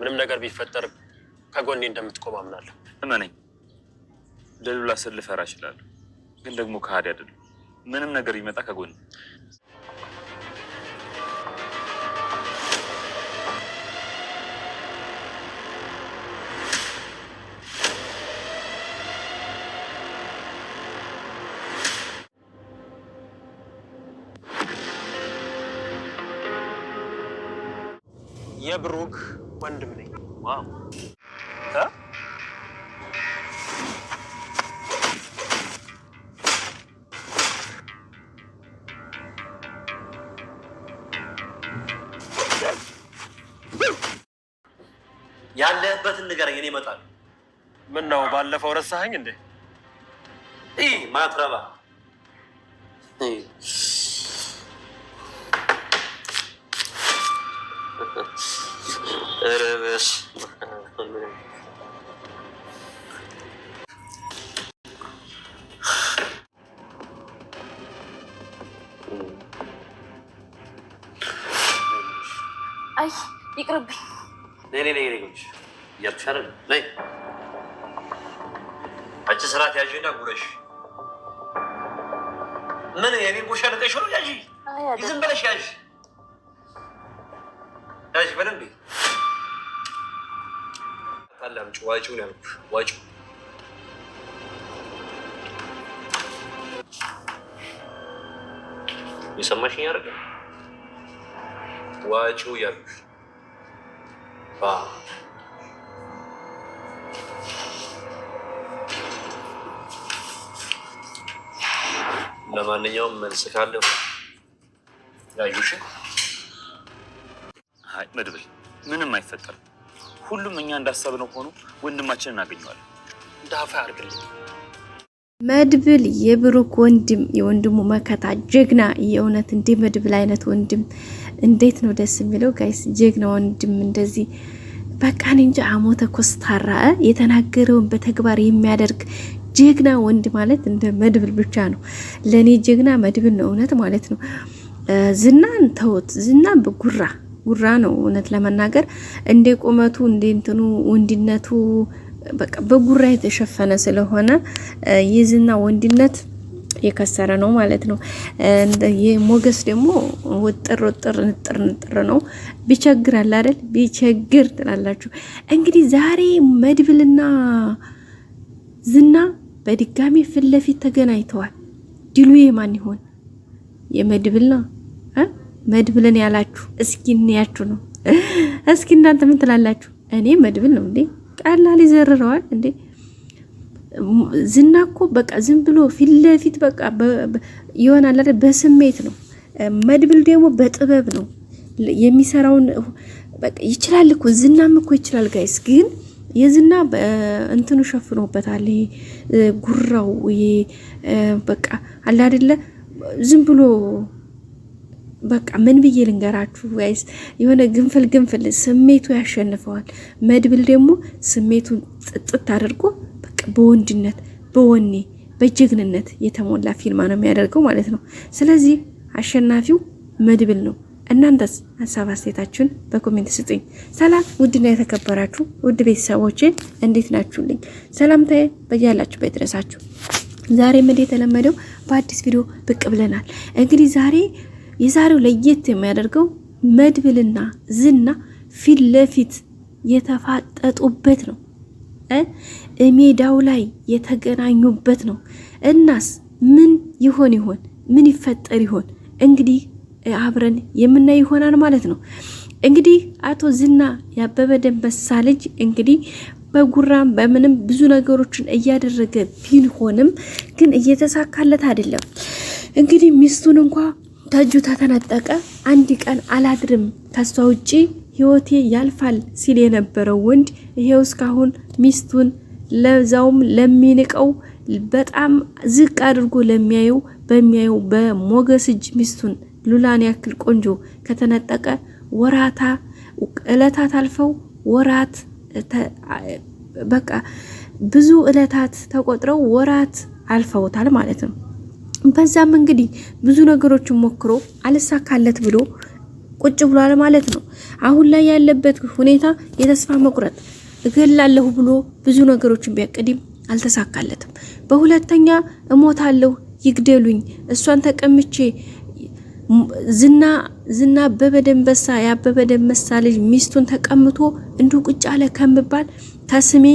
ምንም ነገር ቢፈጠር ከጎኔ እንደምትቆም አምናለሁ። እመነኝ። ለሉላ ስል ልፈራ እችላለሁ፣ ግን ደግሞ ከሃዲ አይደለም። ምንም ነገር ቢመጣ ከጎኔ የብሩክ ወንድም ነኝ። ያለህበትን ንገረኝ፣ እኔ እመጣለሁ። ምን ነው ባለፈው ረሳኸኝ እንዴ? ይህ ማትረባ ረበስ አይ ይቅርብኝ። አንቺ ስርዓት ያዥና ጉረሽ። ምን የኔ ጎሻ ነቀሽ ሆኖ ያዥ፣ ዝም ብለሽ ያዥ ያዥ በደንብ ካለ አምጪ ዋጪው ነው ያልኩሽ። ዋጪው የሰማሽኝ ያደርገ ዋጪው ለማንኛውም መልስ ካለው ያዩሽ። አይ መድብል ምንም አይፈጠርም። ሁሉም እኛ እንዳሰብነው ሆኖ ወንድማችን እናገኘዋለን። ዳፋ አድርግልን። መድብል የብሩክ ወንድም፣ የወንድሙ መከታ ጀግና፣ የእውነት እንደ መድብል አይነት ወንድም እንዴት ነው ደስ የሚለው ጋይስ! ጀግና ወንድም እንደዚህ በቃ እንጂ አሞተ ኮስታራ የተናገረውን በተግባር የሚያደርግ ጀግና ወንድ ማለት እንደ መድብል ብቻ ነው። ለእኔ ጀግና መድብል ነው እውነት ማለት ነው። ዝናን ተውት፣ ዝናን በጉራ ጉራ ነው። እውነት ለመናገር እንደ ቁመቱ እንደ እንትኑ ወንድነቱ በቃ በጉራ የተሸፈነ ስለሆነ የዝና ወንድነት የከሰረ ነው ማለት ነው። የሞገስ ደግሞ ወጥር ወጥር ንጥር ንጥር ነው። ቢቸግር አለ አይደል? ቢቸግር ትላላችሁ እንግዲህ። ዛሬ መድብልና ዝና በድጋሚ ፊት ለፊት ተገናኝተዋል። ድሉ የማን ይሆን? የመድብልና መድብልን ያላችሁ እስኪ እንያችሁ ነው። እስኪ እናንተ ምን ትላላችሁ? እኔ መድብል ነው እንዴ? ቀላል ይዘርረዋል እንዴ? ዝና እኮ በቃ ዝም ብሎ ፊት ለፊት በቃ ይሆናል አይደል? በስሜት ነው። መድብል ደግሞ በጥበብ ነው የሚሰራውን። በቃ ይችላል እኮ ዝናም እኮ ይችላል። ጋይስ ግን የዝና እንትኑ ሸፍኖበታል። ጉራው በቃ አለ አይደለ ዝም ብሎ በቃ ምን ብዬ ልንገራችሁ ጋይስ፣ የሆነ ግንፍል ግንፍል ስሜቱ ያሸንፈዋል። መድብል ደግሞ ስሜቱን ጥጥት አድርጎ በቃ በወንድነት በወኔ በጀግንነት የተሞላ ፊልማ ነው የሚያደርገው ማለት ነው። ስለዚህ አሸናፊው መድብል ነው። እናንተስ ሀሳብ አስተያየታችሁን በኮሜንት ስጡኝ። ሰላም ውድና የተከበራችሁ ውድ ቤተሰቦቼ እንዴት ናችሁልኝ? ሰላምታዬ በያላችሁበት ይድረሳችሁ። ዛሬም እንደተለመደው በአዲስ ቪዲዮ ብቅ ብለናል። እንግዲህ ዛሬ የዛሬው ለየት የሚያደርገው መድብልና ዝና ፊት ለፊት የተፋጠጡበት ነው። እሜዳው ላይ የተገናኙበት ነው። እናስ ምን ይሆን ይሆን? ምን ይፈጠር ይሆን? እንግዲህ አብረን የምናይ ይሆናል ማለት ነው። እንግዲህ አቶ ዝና ያበበ ደንበሳ ልጅ እንግዲህ በጉራም በምንም ብዙ ነገሮችን እያደረገ ቢሆንም ግን እየተሳካለት አይደለም። እንግዲህ ሚስቱን እንኳ ተጁ ተተነጠቀ። አንድ ቀን አላድርም ከሷ ውጪ ህይወቴ ያልፋል ሲል የነበረው ወንድ ይሄው እስካሁን ሚስቱን ለዛውም ለሚንቀው በጣም ዝቅ አድርጎ ለሚያየው በሚያየው በሞገስ እጅ ሚስቱን ሉላን ያክል ቆንጆ ከተነጠቀ ወራታ እለታት አልፈው ወራት በቃ ብዙ እለታት ተቆጥረው ወራት አልፈውታል ማለት ነው። በዛም እንግዲህ ብዙ ነገሮችን ሞክሮ አልሳካለት ብሎ ቁጭ ብሏል ማለት ነው። አሁን ላይ ያለበት ሁኔታ የተስፋ መቁረጥ፣ እገላለሁ ብሎ ብዙ ነገሮችን ቢያቅድም አልተሳካለትም። በሁለተኛ እሞታለሁ፣ ይግደሉኝ፣ እሷን ተቀምቼ ዝና ዝና አበበ ደንበሳ የአበበ ደንበሳ ልጅ ሚስቱን ተቀምቶ እንዲሁ ቁጭ አለ ከምባል ከስሜ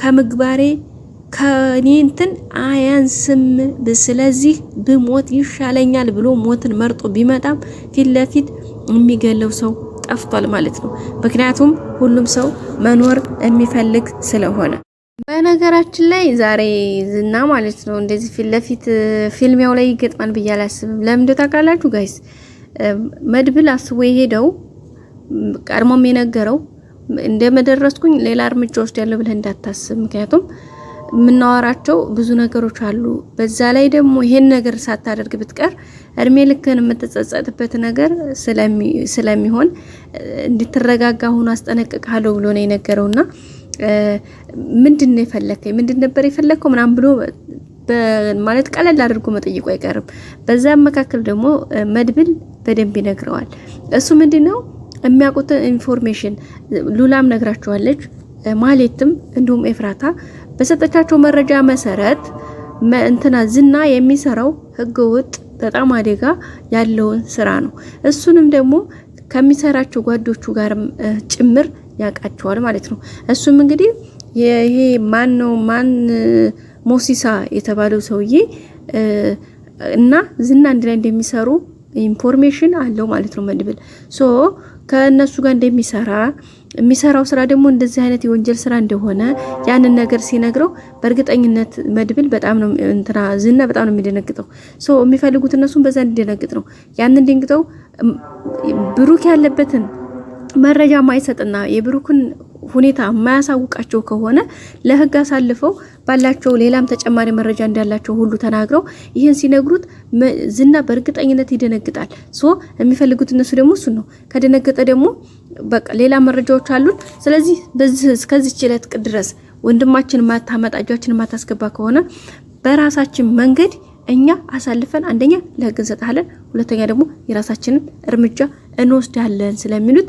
ከምግባሬ ከኔ እንትን አያንስም፣ ስለዚህ ብሞት ይሻለኛል ብሎ ሞትን መርጦ ቢመጣም ፊት ለፊት የሚገለው ሰው ጠፍቷል ማለት ነው። ምክንያቱም ሁሉም ሰው መኖር የሚፈልግ ስለሆነ። በነገራችን ላይ ዛሬ ዝና ማለት ነው እንደዚህ ፊት ለፊት ፊልሚያው ላይ ይገጥማል ብዬ አላስብም። ለምን እንደው ታውቃላችሁ ጋይስ፣ መድብል አስቦ የሄደው ቀድሞም የነገረው እንደመደረስኩኝ ሌላ እርምጃ ወስዳለሁ ብለህ እንዳታስብ ምክንያቱም የምናወራቸው ብዙ ነገሮች አሉ። በዛ ላይ ደግሞ ይሄን ነገር ሳታደርግ ብትቀር እድሜ ልክን የምትጸጸጥበት ነገር ስለሚሆን እንድትረጋጋ ሁኖ አስጠነቅቃለሁ ብሎ ነው የነገረውና ምንድን ነው የፈለግከኝ? ምንድን ነበር የፈለግከው? ምናምን ብሎ ማለት ቀለል አድርጎ መጠየቁ አይቀርም። በዛ መካከል ደግሞ መድብል በደንብ ይነግረዋል። እሱ ምንድን ነው የሚያውቁትን ኢንፎርሜሽን ሉላም ነግራቸዋለች፣ ማሌትም እንዲሁም ኤፍራታ በሰጠቻቸው መረጃ መሰረት እንትና ዝና የሚሰራው ህገ ህገወጥ በጣም አደጋ ያለውን ስራ ነው። እሱንም ደግሞ ከሚሰራቸው ጓዶቹ ጋር ጭምር ያውቃቸዋል ማለት ነው። እሱም እንግዲህ ይሄ ማን ነው ማን ሞሲሳ የተባለው ሰውዬ እና ዝና አንድ ላይ እንደሚሰሩ ኢንፎርሜሽን አለው ማለት ነው። መድብል ሶ ከእነሱ ጋር እንደሚሰራ የሚሰራው ስራ ደግሞ እንደዚህ አይነት የወንጀል ስራ እንደሆነ ያንን ነገር ሲነግረው በእርግጠኝነት መድብል በጣም ነው እንትና ዝና በጣም ነው የሚደነግጠው። ሶ የሚፈልጉት እነሱን በዛ እንዲደነግጥ ነው። ያንን ደንግጠው ብሩክ ያለበትን መረጃ ማይሰጥና የብሩክን ሁኔታ የማያሳውቃቸው ከሆነ ለህግ አሳልፈው ባላቸው ሌላም ተጨማሪ መረጃ እንዳላቸው ሁሉ ተናግረው ይህን ሲነግሩት ዝና በእርግጠኝነት ይደነግጣል። ሶ የሚፈልጉት እነሱ ደግሞ እሱን ነው። ከደነገጠ ደግሞ በቃ ሌላ መረጃዎች አሉን። ስለዚህ በዚህ እስከዚች ዕለት ድረስ ወንድማችን ማታመጣ እጃችን ማታስገባ ከሆነ በራሳችን መንገድ እኛ አሳልፈን አንደኛ ለህግ እንሰጣለን፣ ሁለተኛ ደግሞ የራሳችንን እርምጃ እንወስዳለን ስለሚሉት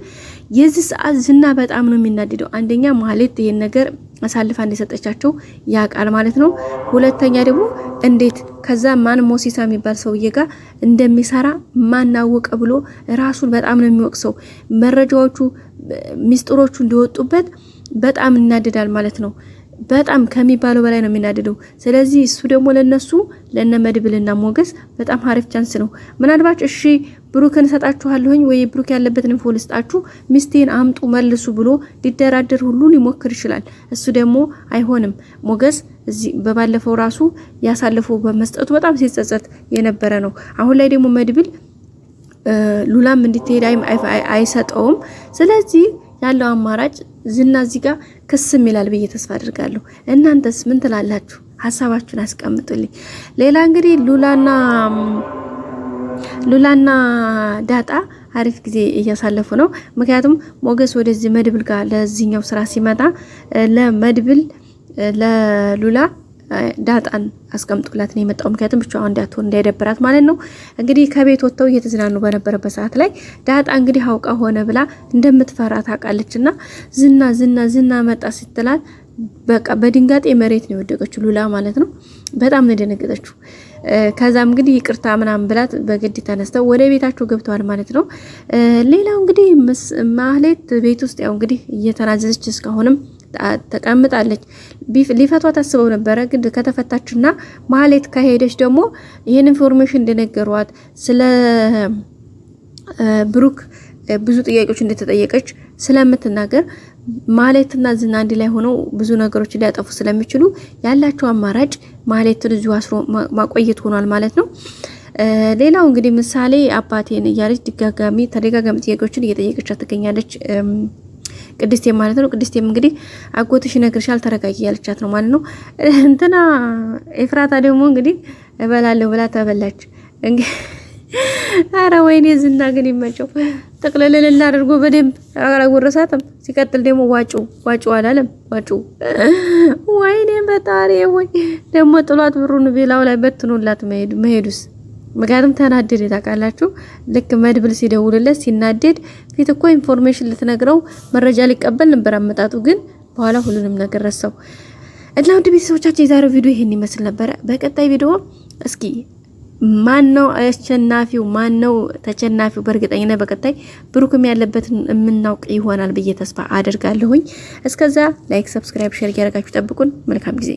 የዚህ ሰዓት ዝና በጣም ነው የሚናደደው። አንደኛ ማህሌት ይሄን ነገር አሳልፋ እንደሰጠቻቸው ያውቃል ማለት ነው። ሁለተኛ ደግሞ እንዴት ከዛ ማን ሞሲሳ የሚባል ሰውዬ ጋር እንደሚሰራ ማናወቀ ብሎ ራሱን በጣም ነው የሚወቅሰው። መረጃዎቹ ሚስጥሮቹ እንደወጡበት በጣም እናደዳል ማለት ነው። በጣም ከሚባለው በላይ ነው የሚናደደው። ስለዚህ እሱ ደግሞ ለነሱ ለነ መድብልና ሞገስ በጣም ሀሪፍ ቻንስ ነው። ምናልባት እሺ ብሩክን እሰጣችኋለሁኝ ወይ ብሩክ ያለበትን ኢንፎ ስጣችሁ ሚስቴን አምጡ መልሱ ብሎ ሊደራደር ሁሉ ሊሞክር ይችላል። እሱ ደግሞ አይሆንም። ሞገስ እዚህ በባለፈው ራሱ ያሳለፈው በመስጠቱ በጣም ሲጸጸት የነበረ ነው። አሁን ላይ ደግሞ መድብል ሉላም እንድትሄድ አይሰጠውም። ስለዚህ ያለው አማራጭ ዝና እዚህ ጋር ክስም ይላል ብዬ ተስፋ አድርጋለሁ። እናንተስ ምን ትላላችሁ? ሀሳባችሁን አስቀምጡልኝ። ሌላ እንግዲህ ሉላና ሉላና ዳጣ አሪፍ ጊዜ እያሳለፉ ነው። ምክንያቱም ሞገስ ወደዚህ መድብል ጋር ለዚህኛው ስራ ሲመጣ ለመድብል ለሉላ ዳጣን አስቀምጦላት ነው የመጣው። ምክንያቱም ብቻዋን እንዳትሆን እንዳይደብራት ማለት ነው። እንግዲህ ከቤት ወጥተው እየተዝናኑ በነበረበት ሰዓት ላይ ዳጣ እንግዲህ አውቃ ሆነ ብላ እንደምትፈራ ታውቃለች። እና ዝና ዝና ዝና መጣ ስትላት በቃ በድንጋጤ መሬት ነው የወደቀችው፣ ሉላ ማለት ነው። በጣም ነው የደነገጠችው። ከዛም እንግዲህ ይቅርታ ምናምን ብላት በግድ ተነስተው ወደ ቤታቸው ገብተዋል ማለት ነው። ሌላው እንግዲህ ማህሌት ቤት ውስጥ ያው እንግዲህ እየተናዘዘች እስካሁንም ተቀምጣለች። ሊፈቷ ታስበው ነበረ፣ ግን ከተፈታችና ማህሌት ከሄደች ደግሞ ይህን ኢንፎርሜሽን እንደነገሯት ስለ ብሩክ ብዙ ጥያቄዎች እንደተጠየቀች ስለምትናገር ማህሌትና ዝና አንድ ላይ ሆነው ብዙ ነገሮች ሊያጠፉ ስለሚችሉ ያላቸው አማራጭ ማህሌትን እዚሁ አስሮ ማቆየት ሆኗል ማለት ነው። ሌላው እንግዲህ ምሳሌ አባቴን እያለች ድጋጋሚ ተደጋጋሚ ጥያቄዎችን እየጠየቀች ትገኛለች። ቅድስቴም ማለት ነው። ቅድስቴም እንግዲህ አጎትሽ ይነግርሻል ተረጋጊ ያለቻት ነው ማለት ነው። እንትና ኤፍራታ ደግሞ እንግዲህ እበላለሁ ብላ ተበላች። አረ ወይኔ ዝና ግን ይመቸው። ጥቅልልልና አድርጎ በደንብ አላጎረሳትም። ሲቀጥል ደግሞ ዋጩ ዋጩ አላለም ዋጩ። ወይኔ በጣሪ ወይ ደግሞ ጥሏት ብሩን ቢላው ላይ በትኖላት መሄዱስ ምክንያቱም ተናደደ ታውቃላችሁ። ልክ መድብል ሲደውልለት ሲናደድ ፊት እኮ ኢንፎርሜሽን ልትነግረው መረጃ ሊቀበል ነበር አመጣጡ፣ ግን በኋላ ሁሉንም ነገር ረሳው እና ውድ ቤተሰቦቻችን የዛሬው ቪዲዮ ይሄን ይመስል ነበረ። በቀጣይ ቪዲዮ እስኪ ማን ነው አሸናፊው? ማን ነው ተሸናፊው? በእርግጠኝነት በቀጣይ ብሩክም ያለበትን የምናውቅ ይሆናል ብዬ ተስፋ አደርጋለሁኝ። እስከዛ ላይክ፣ ሰብስክራይብ፣ ሼር እያደረጋችሁ ጠብቁን። መልካም ጊዜ